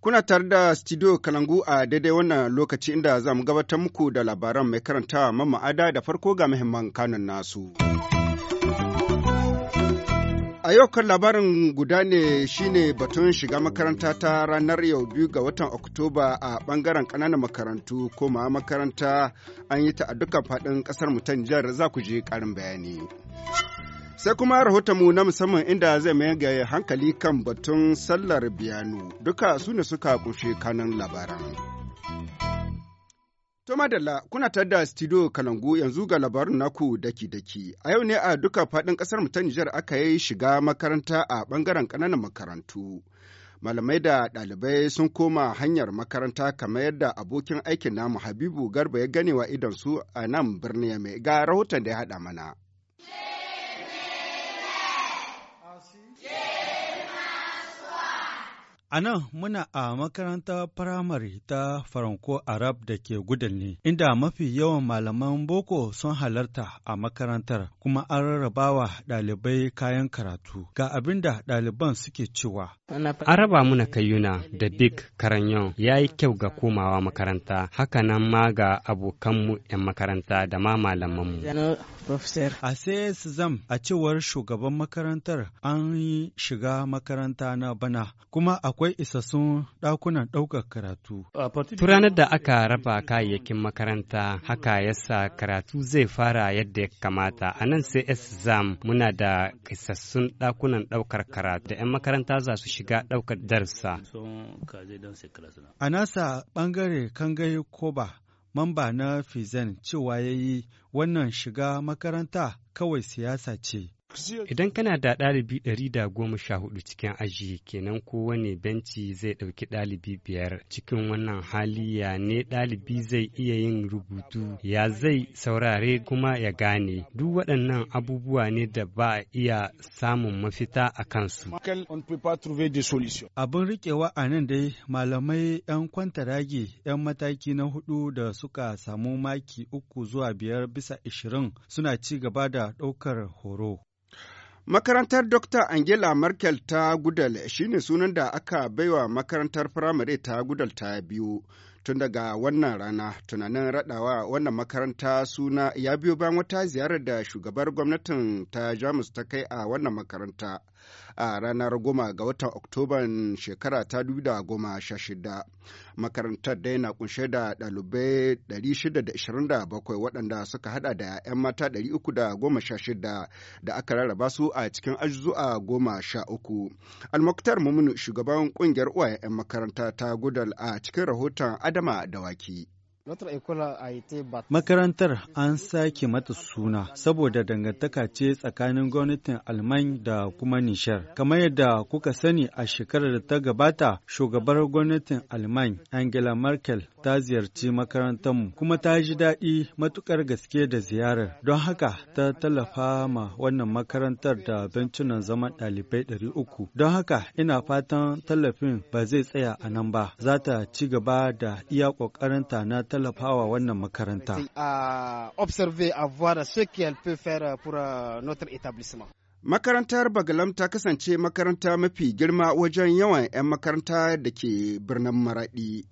Kuna tare da studio Kalangu a daidai wannan lokaci inda za mu gabatar muku da labaran mai karanta mama'ada da farko ga muhimman kanun nasu. yau kan labarin guda ne shine batun shiga makaranta ta ranar yau biyu ga watan Oktoba a bangaren ƙananan makarantu ko ma makaranta an yi ta a dukkan fadin ƙasar mu ta Nijar za ku je ƙarin bayani. Sai kuma rahotonmu na musamman inda zai mayar ga hankali kan batun sallar biyanu duka su ne suka kushe kanan labaran. To madalla kuna tare da studio Kalangu yanzu ga labarin naku daki-daki. A yau ne a duka faɗin ƙasar mu ta Nijar aka yi shiga makaranta a ɓangaren ƙananan makarantu. Malamai da ɗalibai sun koma hanyar makaranta kamar yadda abokin aikin namu Habibu Garba ya ganewa idan su a nan birni mai ga rahoton da ya haɗa mana. A nan muna a makaranta firamare ta Faranko Arab da ke gudun ne, inda mafi yawan malaman boko sun halarta a makarantar kuma an rarrabawa ɗalibai kayan karatu. Ga abin da ɗaliban suke cewa. An raba muna kayuna da Big Karanyon ya yi kyau ga komawa makaranta, hakanan ma ga abokanmu 'yan makaranta da ma malamanmu. Profesor. A zam a cewar shugaban makarantar an yi shiga makaranta na bana kuma akwai isassun ɗakunan ɗaukar karatu. Turanar da aka raba kayayyakin makaranta haka yasa karatu zai fara yadda ya kamata. A nan sai zam muna da isassun ɗakunan ɗaukar karatu da 'yan makaranta za su shiga ɗaukar darsa. A nasa ɓangare kangai koba mamba na Fizen cewa ya yi wannan shiga makaranta kawai siyasa ce. Idan kana da ɗalibi ɗari da goma sha hudu cikin aji kenan kowane benci zai ɗauki ɗalibi biyar cikin wannan hali ya ne ɗalibi zai iya yin rubutu ya zai saurare kuma ya gane duk waɗannan abubuwa ne da ba a iya samun mafita a kansu. Abin riƙewa a nan dai malamai 'yan kwantarage 'yan mataki na hudu da suka samu maki uku zuwa biyar bisa ishirin suna ci gaba da ɗaukar horo. Makarantar Dr. Angela Merkel ta Gudal ne sunan da aka baiwa makarantar firamare ta Gudal ta biyu. Tun daga wannan rana, tunanin raɗawa wannan makaranta suna ya biyo bayan wata ziyarar da shugabar gwamnatin ta Jamus ta kai a wannan makaranta. a ranar goma ga watan oktoban shekara ta da goma sha shida makarantar dai na kunshe da ɗalibai 627 waɗanda suka hada da 'yan mata 316 da aka rarraba su a cikin ajuzu'a goma sha uku almaktar mumunu shugaban ƙungiyar uwayen 'yan makaranta ta gudal a cikin rahoton adama da dawaki. Makarantar an sake mata suna saboda dangantaka ce tsakanin gwamnatin Alman da kuma Nishar. Kamar yadda kuka sani a shekarar da ta gabata, shugabar gwamnatin Alman Angela Merkel ta ziyarci makarantar mu kuma ta ji daɗi matuƙar gaske da ziyarar. Don haka ta tallafa ma wannan makarantar da bencunan zaman ɗalibai ɗari uku. Don haka ina fatan tallafin ba zai tsaya a nan ba, za ta ci gaba da iya ƙoƙarinta na tallafawa wannan makaranta. Euh, makarantar Bagalam ta kasance makaranta mafi girma wajen yawan 'yan makaranta da ke birnin Maraɗi.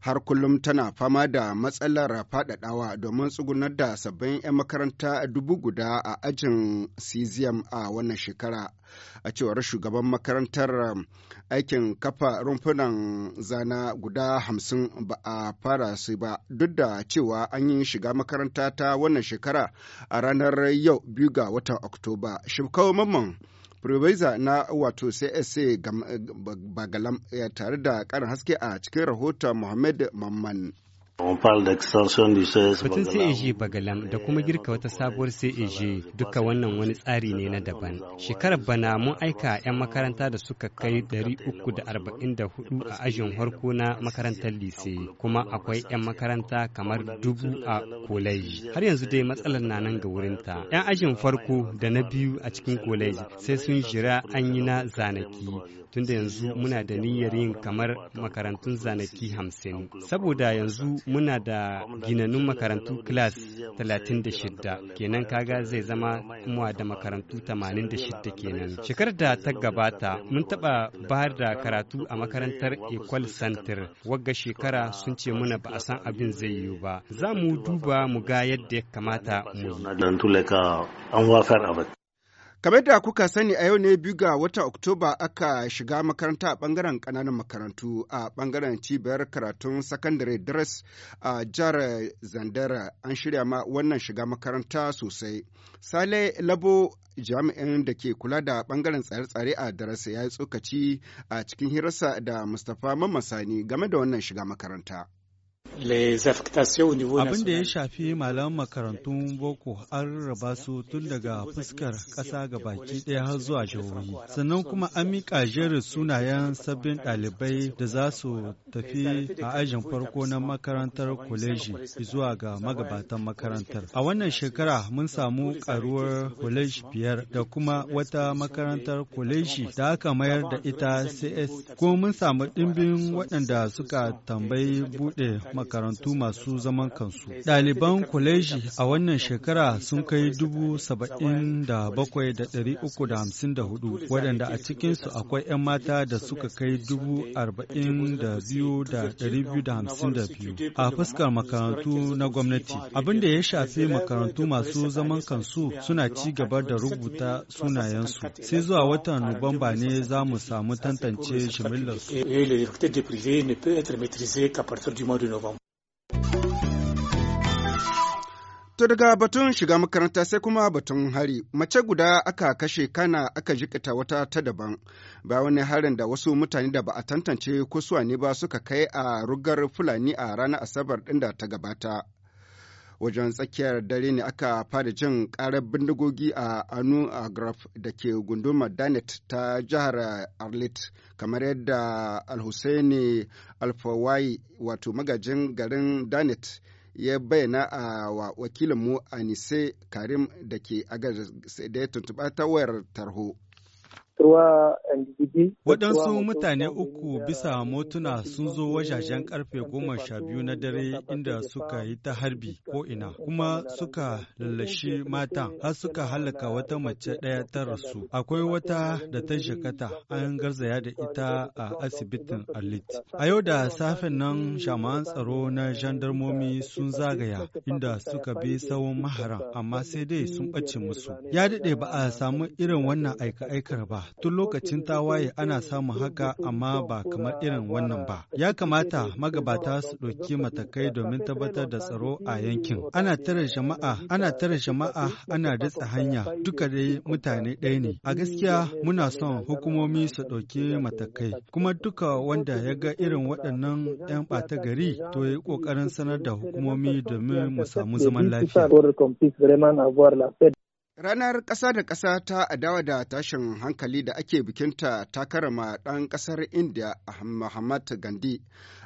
har kullum tana fama da matsalar faɗaɗawa domin tsugunar da sabbin 'yan makaranta dubu guda a ajin cesium a wannan shekara a cewar shugaban makarantar aikin kafa rumfunan zana guda hamsin ba a fara su ba duk da cewa an yi shiga makaranta ta wannan shekara a ranar yau biyu ga watan oktoba shimkawo mamman Proveza na wato CSA Bagalam eh, tare da ƙarin haske a cikin rahoton Muhammad Mamman. Batun CAG Bagalam da kuma girka wata sabuwar CAG duka wannan wani tsari ne na daban. Shekarar bana mun aika 'yan makaranta da suka kai 344 a ajin harko na makarantar lise kuma akwai 'yan makaranta kamar dubu a koleji. Har yanzu dai matsalar na nan ga wurinta. 'Yan ajin farko da na biyu a cikin koleji sai sun jira an yi na zanaki tunda yanzu muna da niyyar yin kamar makarantun zanaki hamsin. Saboda yanzu muna da ginanun makarantu klas talatin da kenan kaga zai zama kuma da makarantu tamanin kenan. Shekarar da ta gabata mun taɓa bayar da karatu a makarantar Ecole Center wagga shekara sun ce muna ba a san abin zai yiwu ba. Za mu duba mu ga yadda ya kamata mu yi. Kamar da kuka sani a yau ne biyu ga wata Oktoba aka shiga makaranta a bangaren kananan makarantu a bangaren cibiyar karatun sakandare Dres a jihar Zandara an shirya ma wannan shiga makaranta sosai. Sale Labo jami'in da ke kula da bangaren tsare-tsare a darasa ya yi tsokaci a cikin hirarsa da Mustapha Mamman game da wannan shiga makaranta. Abin da ya shafi malaman makarantun boko an raba su tun daga fuskar ƙasa ga baki ɗaya har zuwa jihohi. Sannan kuma an miƙa jerin sunayen sabbin ɗalibai da za su tafi a ajin farko na makarantar kwaleji zuwa ga magabatan makarantar. A wannan shekara mun samu karuwar kwaleji biyar da kuma wata makarantar kwaleji da aka mayar da ita CS. Kuma mun samu ɗimbin waɗanda suka tambayi buɗe makarantar. makarantu masu zaman kansu. Ɗaliban kwaleji a wannan shekara sun kai dubu saba'in da bakwai da ɗari uku da hamsin da hudu, waɗanda a cikinsu akwai 'yan mata da suka kai dubu arba'in da biyu da ɗari biyu da hamsin da biyu. A fuskar makarantu na gwamnati, abin da ya shafi makarantu masu zaman kansu suna ci gaba da rubuta sunayensu. Sai zuwa watan Nuwamba ne za mu samu tantance shimillarsu. To daga batun shiga makaranta sai kuma batun hari, mace guda aka kashe kana aka jikita wata ta daban, ba wani harin da wasu mutane da ba a tantance kusuwa ne ba suka kai a rugar Fulani a ranar Asabar ɗin da ta gabata. Wajen tsakiyar dare ne aka fara jin ƙarar bindigogi a Anu Agraf da ke gundumar Danet ta jihar Arlit, kamar yadda Alhussaini Alfawai wato magajin garin Danet ya bayyana a wa wakilinmu anise karim da ke agar da ya tuntuɓa ta wayar tarho. Waɗansu mutane uku bisa motuna sun zo wajajen karfe goma sha biyu na dare inda suka yi ta harbi ko ina kuma suka lallashi mata har suka halaka wata mace ɗaya ta rasu. Akwai wata da ta jakata, an garzaya da ita a asibitin Alit. A yau da safen nan jama'an tsaro na jandarmomi sun zagaya inda suka bi tsawon maharan amma sai dai sun ɓace musu. Ya daɗe ba a samu irin wannan aika-aikar ba tun lokacin tawaye ana samun haka amma ba kamar irin wannan ba. Ya kamata magabata su ɗauki matakai domin tabbatar da tsaro a yankin. Ana tare jama'a, ana tare jama'a, ana datsa hanya, duka dai mutane ɗaya ne. A gaskiya muna son hukumomi su ɗauki matakai, kuma duka wanda ya ga irin waɗannan 'yan ɓata gari to ya ƙoƙarin sanar da hukumomi domin mu samu zaman lafiya. Ranar ƙasa da ƙasa ta adawa da tashin hankali da ake bikinta ta karama ɗan ƙasar India Muhammad Gandhi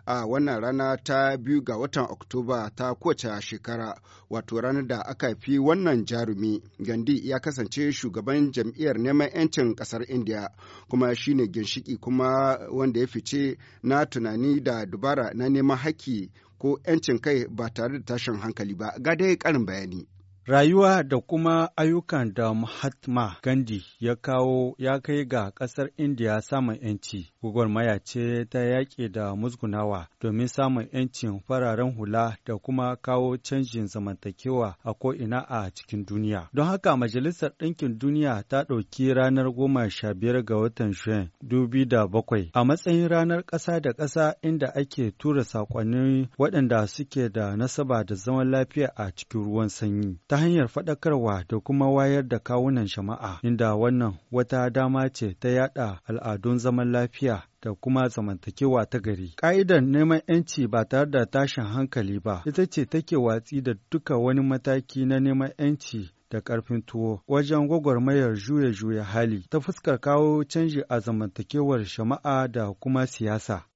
a wannan rana ta biyu ga watan Oktoba ta kowace shekara, wato ranar da aka fi wannan jarumi. Gandhi ya kasance shugaban jam'iyyar neman 'yancin ƙasar India, kuma shi ne ginshiki kuma wanda ya fice na tunani da dubara na neman haƙƙi ko 'yancin kai ba tare da tashin hankali ba. Ga dai ƙarin bayani. Rayuwa da kuma ayyukan da Mahatma Gandhi ya kawo ya kai ga ƙasar Indiya samun ‘yanci, gwagwarmaya ce ta yaƙi da musgunawa domin samun ‘yancin fararen hula da kuma kawo canjin zamantakewa a ko'ina a cikin duniya. Don haka Majalisar Ɗinkin Duniya ta ɗauki ranar goma sha biyar ga watan Shen dubi da bakwai a matsayin ranar ƙasa da ƙasa inda ake tura saƙonnin waɗanda suke da nasaba da zaman lafiya a cikin ruwan sanyi. ta hanyar faɗakarwa da kuma wayar da kawunan shama'a, inda wannan wata dama ce ta yada al'adun zaman lafiya da kuma zamantakewa ta gari. Ƙa'idar neman 'yanci ba tare da tashin hankali ba, ita ce take watsi da duka wani mataki na neman 'yanci da ƙarfin tuwo wajen gwagwarmayar juya-juya hali ta fuskar kawo canji a zamantakewar shama'a da kuma siyasa.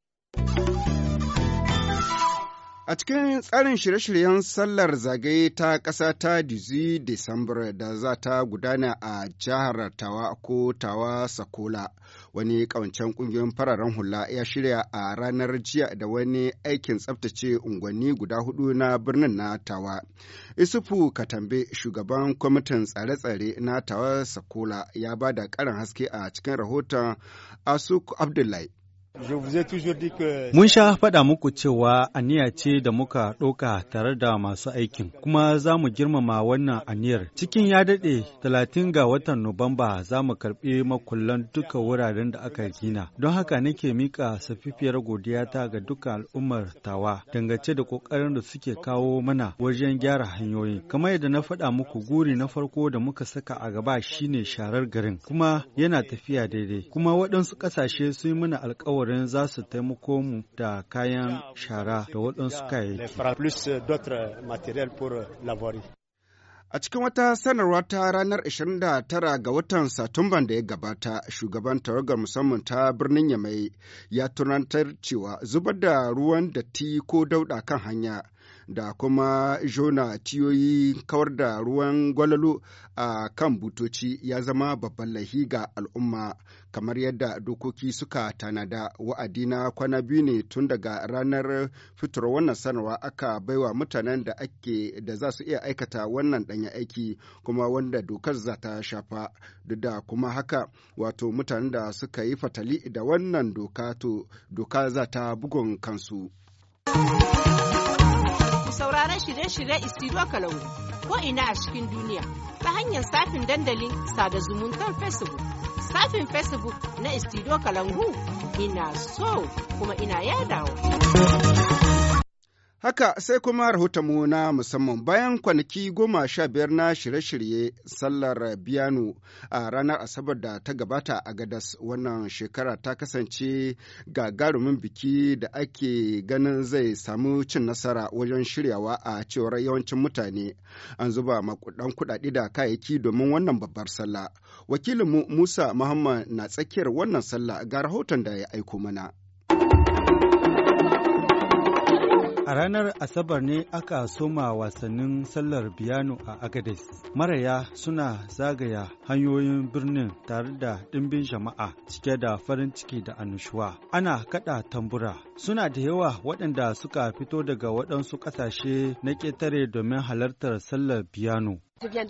A cikin tsarin shirye-shiryen sallar zagaye ta ƙasa ta Dizi Disambar da za ta gudana a jihar Tawa ko Tawa Sakola, wani ƙawancen ƙungiyoyin fararen hula ya shirya a ranar jiya da wani aikin tsabtace unguwanni guda hudu na birnin na Tawa. Isufu Katambe, shugaban kwamitin tsare-tsare na Tawa Sakola, ya ba da ƙarin haske a cikin rahoton Asuk Abdullahi. Mun sha faɗa muku cewa aniya ce da muka ɗauka tare da masu aikin, kuma za mu girmama wannan aniyar. Cikin ya daɗe talatin ga watan Nuwamba za mu karɓi makullan duka wuraren da aka gina. Don haka nake mika safifiyar godiyata ga duka al'ummar tawa dangace da ƙoƙarin da suke kawo mana wajen gyara hanyoyi. Kamar yadda na faɗa muku guri na farko da muka saka a gaba shine sharar garin, kuma yana tafiya daidai. Kuma waɗansu ƙasashe sun yi mana alƙawar wurin za su taimako mu da kayan shara da waɗansu kayayyaki. A cikin wata sanarwa ta ranar 29 ga watan Satumban da ya gabata, shugaban tawagar musamman ta birnin Yamai ya tunantar cewa zubar da ruwan datti ko dauɗa kan hanya da kuma jona tiyoyi kawar da ruwan gwalalo a kan butoci ya zama babban lahi ga al'umma kamar yadda dokoki suka tanada wa'adi na kwana biyu ne tun daga ranar fitar wannan sanarwa aka baiwa mutanen da ake da za su iya aikata wannan ɗanya aiki kuma wanda dokar za ta shafa duk da kuma haka wato mutanen da suka yi fatali da wannan doka to doka za ta bugun kansu. sauraron shirye-shirye Isiruwa Kalangu ko ina a cikin duniya ta hanyar safin dandalin sada zumuntar Facebook. Safin Facebook na Isiruwa Kalangu ina so kuma ina yadawa. Haka sai kuma rahoton mu na musamman bayan kwanaki goma sha biyar na shirye-shirye sallar biyanu a ranar Asabar da ta gabata a Gadas wannan shekara ta kasance gagarumin biki da ake ganin zai samu cin nasara wajen shiryawa a cewar yawancin mutane. An zuba makudan kudade da kayayyaki domin wannan babbar sallah. Wakilinmu Musa Muhammad na tsakiyar wannan sallah ga rahoton da ya aiko mana. A ranar Asabar ne aka soma wasannin sallar biyano a Agades. Maraya suna zagaya hanyoyin birnin tare da ɗimbin jama'a cike da farin ciki da annushuwa. Ana kaɗa tambura. Suna da yawa waɗanda suka fito daga waɗansu ƙasashe na ƙetare domin halartar sallar biyano.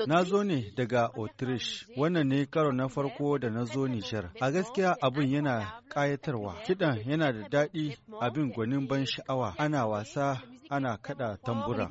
Na zo ne daga Autriche, wannan ne karo na farko da na zo Nijar. A gaskiya abin yana ƙayatarwa, kiɗan yana da daɗi abin gwanin ban sha'awa, ana wasa ana kaɗa tambura.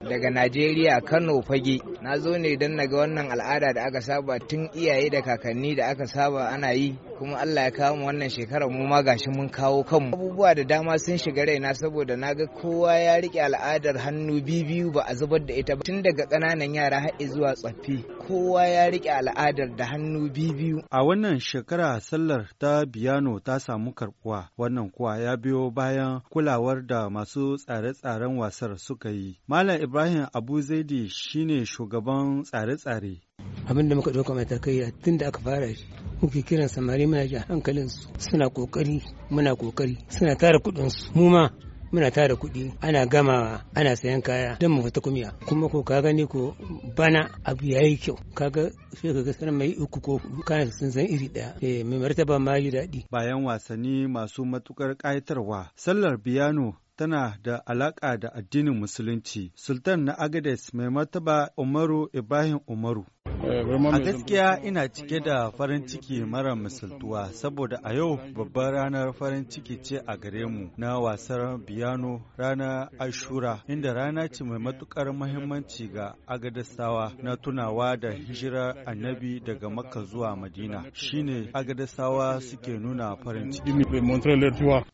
Daga Najeriya Kano fage, na zo ne don naga wannan al'ada da aka saba tun iyaye da kakanni da aka saba ana yi kuma Allah ya kawo mu wannan shekarar mu ma gashi mun kawo kanmu abubuwa da dama sun shiga raina saboda na ga kowa ya rike al'adar hannu biyu ba a zubar da ita ba. tun daga ƙananan yara har zuwa tsaffi kowa ya rike al'adar da hannu biyu a wannan shekara sallar ta biyano ta samu karbuwa wannan kuwa ya biyo bayan kulawar da masu tsare-tsaren wasar suka yi malam ibrahim abu zaidi shine shugaban tsare-tsare abin da muka ɗauka matakai tun da aka fara shi muke kiran samari muna ji hankalin su suna kokari muna kokari suna tara kuɗinsu. su mu ma muna tara kuɗi ana gamawa ana sayan kaya don mu fita kumiya kuma ko ka gani ko bana abu yayi kyau kaga sai ka sanar mai uku ko kana sun san iri daya eh mai martaba ma yi daɗi bayan wasanni masu matukar ƙayatarwa sallar biyano tana da alaƙa da addinin musulunci sultan na agades mai martaba umaru ibrahim umaru Eh, a gaskiya ina cike da farin ciki mara misaltuwa saboda a yau babbar ranar farin ciki ce a gare mu na wasar biyano ranar Ashura inda rana ce mai matukar mahimmanci ga Agadasawa na tunawa da hijirar annabi daga Makka zuwa Madina shine Agadasawa suke nuna farin ciki.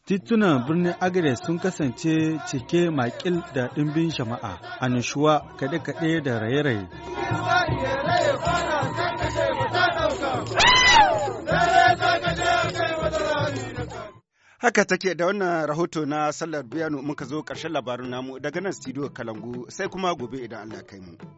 Titunan birnin Agades sun kasance cike makil da ɗimbin jama'a, annishuwa kaɗe-kaɗe da raye-raye. Haka take da wannan rahoto na sallar biyanu muka zo ƙarshen labarin namu daga nan studio Kalangu sai kuma gobe idan Allah kai mu.